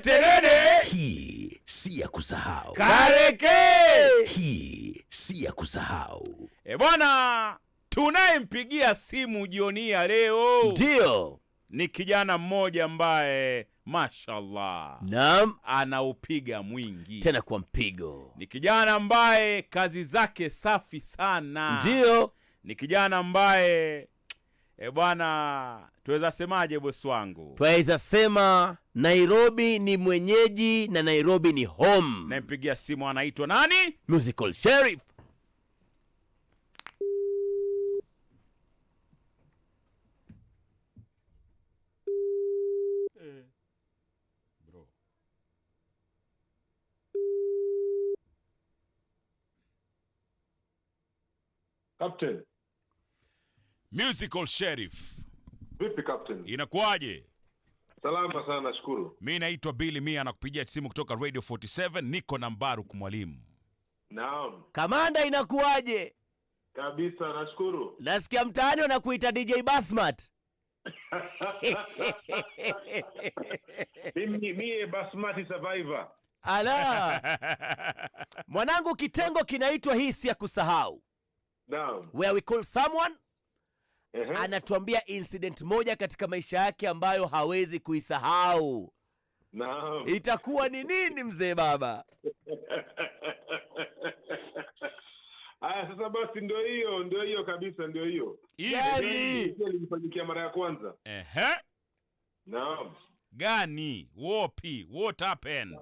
Terere, hii si ya kusahau. Kareke, hii si ya kusahau. E bwana, tunayempigia simu jioni ya leo ndio ni kijana mmoja ambaye mashallah, naam, anaupiga mwingi tena kwa mpigo. Ni kijana ambaye kazi zake safi sana, ndio ni kijana ambaye E bwana, tuweza semaje bosi wangu? Tuweza sema Nairobi ni mwenyeji na Nairobi ni home. Nampigia simu anaitwa nani? Musical Sheriff. Captain. Musical Sheriff. Vipi captain? Inakuwaje? Salama sana nashukuru. Mimi naitwa Billy Mia nakupigia simu kutoka Radio 47 niko na Mbaruku mwalimu. Naam. Kamanda inakuwaje? Kabisa nashukuru. Nasikia mtaani wanakuita DJ Basmat. Mimi mie Basmati survivor. Ala. Mwanangu kitengo kinaitwa hisi ya kusahau. Naam. Where we call someone uh-huh. Anatuambia incident moja katika maisha yake ambayo hawezi kuisahau. Naam. Itakuwa ni nini mzee baba? Aya, sasa basi ndio hiyo, ndio hiyo kabisa, ndio hiyo. Gani? ilimfanyikia mara ya kwanza. Ehe. Naam. Gani? Wapi? What happened?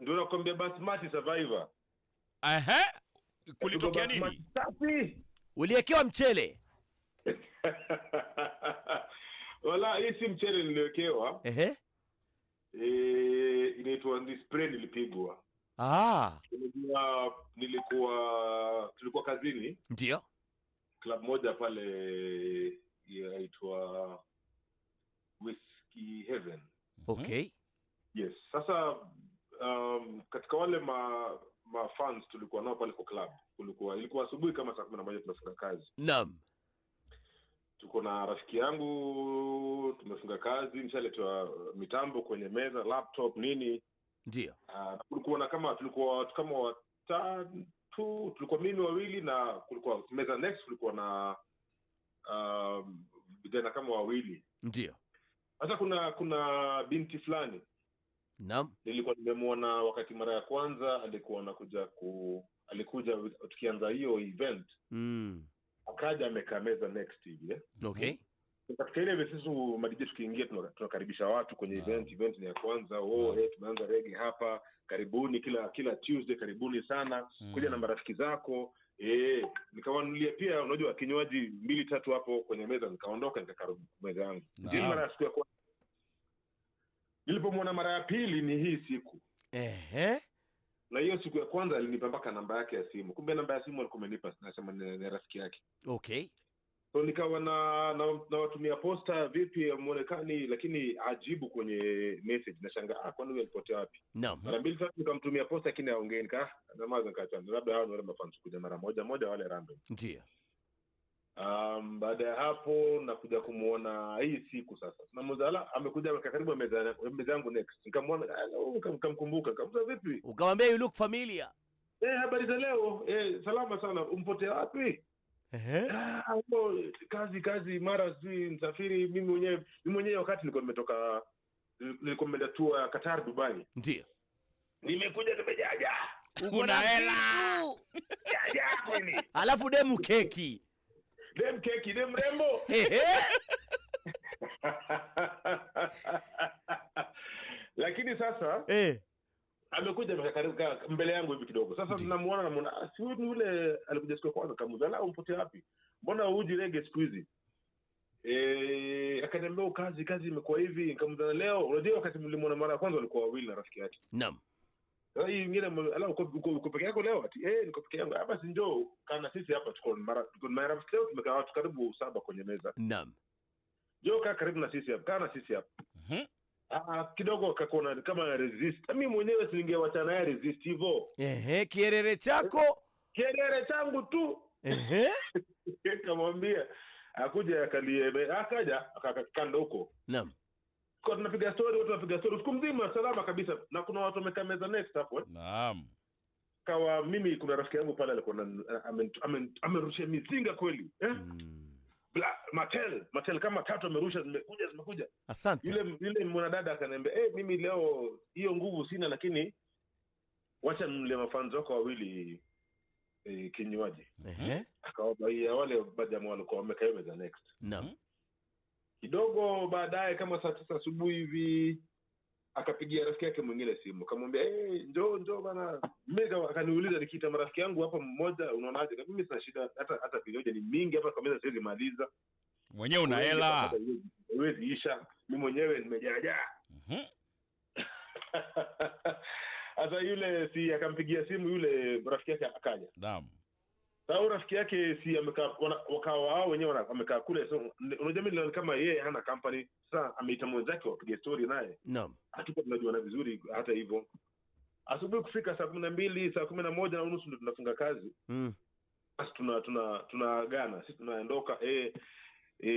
Ndio nakwambia Basmati Survivor. Ehe. Kulitokea nini? Uliekewa mchele. wala hii si mchele niliwekewa ehe e, inaitwa ni spray nilipigwa ah. nilikuwa nilikuwa tulikuwa kazini ndio club moja pale inaitwa Whiskey Heaven mhm. okay yes sasa um, katika wale ma mafans tulikuwa nao pale kwa club kulikuwa ilikuwa asubuhi kama saa kumi na moja tunafunga kazi naam tuko na rafiki yangu, tumefunga kazi, nishaletewa uh, mitambo kwenye meza, laptop nini, ndio ah, kama tulikuwa kama watatu, tulikuwa mimi wawili na kulikuwa meza next kulikuwa na um, vijana um, kama wawili ndio. Sasa kuna kuna binti fulani naam, nilikuwa nimemwona wakati mara ya kwanza alikuwa anakuja ku alikuja tukianza hiyo event mm akaja amekameza next ile okay katika ile sisi madije tukiingia tunakaribisha watu kwenye wow. event event ni ya kwanza oh, hey, tumeanza rege hapa karibuni kila kila tuesday karibuni sana mm. kuja na marafiki zako eh, nikawanulia pia unajua kinywaji mbili tatu hapo kwenye meza nikaondoka meza yangu ndio mara siku ya kwanza nilipomwona mara ya pili ni hii siku ehe na hiyo siku ya kwanza alinipa mpaka namba yake ya simu, kumbe namba ya simu alikuwa amenipa, nasema ni rafiki yake. Okay, so nikawa na nawatumia na, na posta, vipi mwonekani, lakini ajibu kwenye message. nashanga ah, kwani alipotea wapi? mara mbili tatu nikamtumia posta, lakini aongee, nika ah, namaza, labda hao ni wale mara moja moja, wale random ndio Um, baada ya hapo nakuja kumwona hii siku sasa na Muzala amekuja amekaa karibu meza yangu next, nikamwona nikamkumbuka, nikamuza vipi, ukamwambia you look familiar eh, habari za leo eh, salama sana, umpotea wapi? Ehe, ah, kazi kazi, mara sijui msafiri. Mimi mwenyewe mimi mwenyewe wakati nilikuwa nimetoka, nilikuwa nimeenda tour ya Qatar Dubai, ndio nimekuja nimejaja, uko na hela jaja kweli, alafu demu keki dem keki dem rembo lakini sasa hey. Eh. amekuja mbele yangu hivi kidogo sasa tunamuona namuona ah, si yule alikuja siku ya kwanza kamuza la umpote wapi mbona uji rege siku hizi E, akaniambia oh, kazi kazi imekuwa hivi, nikamzana leo. Unajua wakati mlimwona mara ya kwanza walikuwa wawili na rafiki yake, naam hii ingine ala uko uko peke yako leo ati eh niko peke yangu hapa si njoo kana sisi hapa tuko mara tuko mara leo tumekaa watu karibu saba kwenye meza naam njoo kaa karibu na sisi hapa kana sisi hapa mhm Ah, kidogo akakona kama resist. Mimi mwenyewe singewachana naye resist hivyo. Ehe, kierere chako. Kierere changu tu. Ehe. Nikamwambia akuja akalie akaja akakanda huko. Naam tunapiga story, watu wanapiga story usiku mzima salama kabisa, na kuna watu wamekaa meza next hapo eh. Naam, kawa mimi, kuna rafiki yangu pale alikuwa amerushia mizinga kweli eh? mm. Bla, matel matel kama tatu amerusha, zimekuja zimekuja. Asante. Yule yule mwanadada akaniambia eh, mimi leo hiyo nguvu sina, lakini wacha mle mafanzi wako wawili e, kinywaji. Ehe, akawabaia wale bajama walikuwa wamekaa meza next. Naam kidogo baadaye kama saa tisa asubuhi hivi akapigia rafiki yake mwingine simu akamwambia hey, eh, njoo njoo bana mi akaniuliza nikiita marafiki yangu hapa mmoja unaonaje mimi sina shida hata hata vinywaji ni mingi hapa kamea meza siwezi maliza mwenyewe una hela mi mwenyewe nimejaajaa mhm. hasa yule si akampigia simu yule rafiki yake akaja naam sababu rafiki yake si wakawa wao wenyewe wamekaa kule. So unajua mimi kama yeye hana company, sasa ameita mwenzake wapige story naye, naam, hatuko tunajuana vizuri. Hata hivyo asubuhi kufika saa kumi na mbili saa kumi na moja na unusu ndo tunafunga kazi basi mm. Basi tuna tuna tunaagana, si tunaondoka e, e,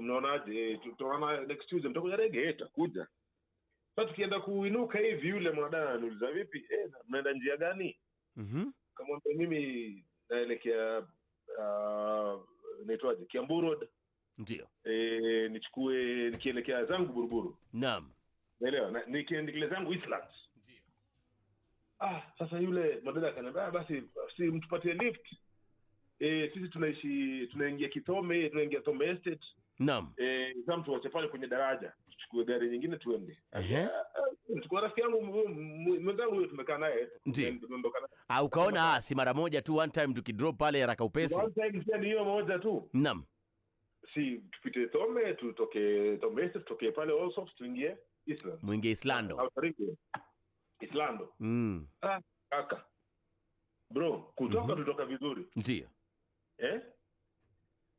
mnaonaje, eh, tutaona next Tuesday, mtakuja Rege? e, takuja sa tukienda kuinuka hivi, yule mwanadana ananiuliza vipi, e, mnaenda njia gani? mm-hmm. kamwambia mimi naelekea uh, ah, Kiambu Road ndio e, nichukue nikielekea zangu Buruburu. Naam, naelewa na, nikiendekele zangu Islands. Ah, sasa yule madada akaniambia ah, basi si mtupatie lift e, sisi tunaishi tunaingia Kitome, tunaingia Tome Estate. Naam. Eh, sasa wache pale kwenye daraja, chukue gari nyingine tuende. Uh ah, -huh kwa rafiki yangu mwenzangu huyo tumekaa naye ndio ah, ukaona si mara moja tu, one time tukidrop pale haraka upesi, one time pia ni hiyo moja tu. Naam, si tupite tutoke tutoke pale tuingie Island, mwingie Islando, Islando. Mm. Ah, kaka bro, kutoka mm-hmm. tutoka vizuri ndio eh,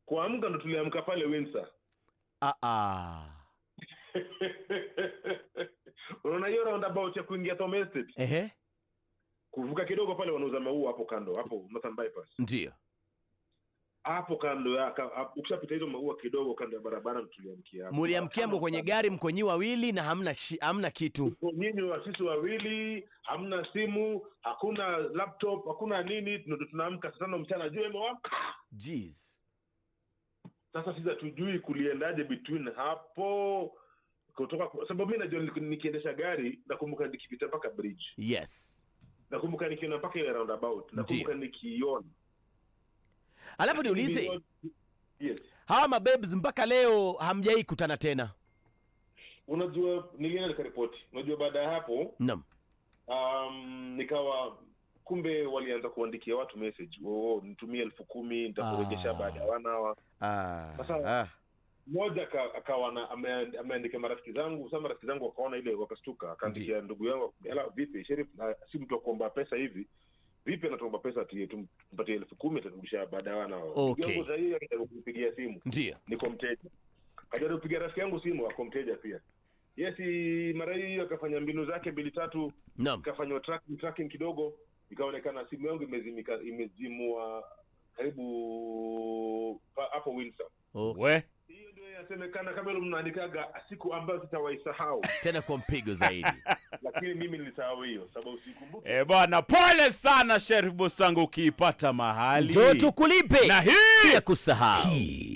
kuamka ndo tuliamka pale ah ah unaona hiyo round about ya kuingia Thome Estate ehe, kuvuka kidogo pale wanauza maua hapo kando hapo Northern Bypass, ndio hapo kando ya ukishapita hizo maua kidogo kando ya barabara tuliamkia hapo. Mliamkia mko kwenye gari, mko nyi wawili na hamna shi, hamna kitu. Nyinyi wa sisi wawili, hamna simu, hakuna laptop, hakuna nini, ndio tunaamka saa tano mchana jua imewaka. Jeez. Sasa sisi hatujui kuliendaje between hapo kutoka sababu mi najua nikiendesha gari nakumbuka nikipita mpaka bridge yes nakumbuka nikiona mpaka ile roundabout nakumbuka nikiona alafu niulize yes. hawa mabebs mpaka leo hamjai kutana tena unajua nilienda nikaripoti unajua baada ya hapo nam um, nikawa kumbe walianza kuandikia watu message oh, oh nitumie elfu kumi nitakurejesha ah. baada ya wanawa ah. sasa ah mmoja akawa ameandikia marafiki zangu. Sasa marafiki zangu wakaona ile, wakastuka, akaandikia ndugu yangu, hela vipi, Sherif si mtu wa kuomba pesa hivi vipi anatuomba pesa tumpatie elfu kumi atarudisha baadaye. Wana okay. Sahii simu, ndio niko mteja, akajaribu kupigia rafiki yangu simu, ako mteja pia yesi. Mara hiyo akafanya mbinu zake mbili tatu, ikafanywa tracking, tracking kidogo, ikaonekana simu yangu imezimika, imezimwa karibu hapo Windsor. Oh kama Cameron mnaandikaga siku ambayo sitawaisahau tena kwa mpigo zaidi lakini mimi nilisahau hiyo sababu sikumbuki. Eh, bwana pole sana sherif Bosango, ukiipata mahali jo tukulipe na hii ya kusahau hii.